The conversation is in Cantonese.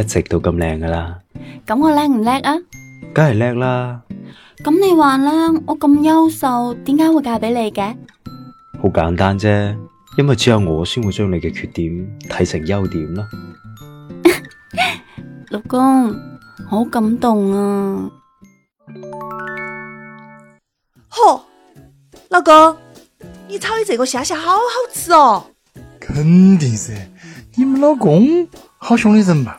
一直都咁靚噶啦，咁我叻唔叻啊？梗係叻啦。咁你話啦，我咁優秀，點解會嫁俾你嘅？好簡單啫，因為只有我先會將你嘅缺點睇成優點啦。老公，好感動啊！嗬，老公，你炒嘅這個蝦蝦好好食哦。肯定啫，你們老公好凶的人吧？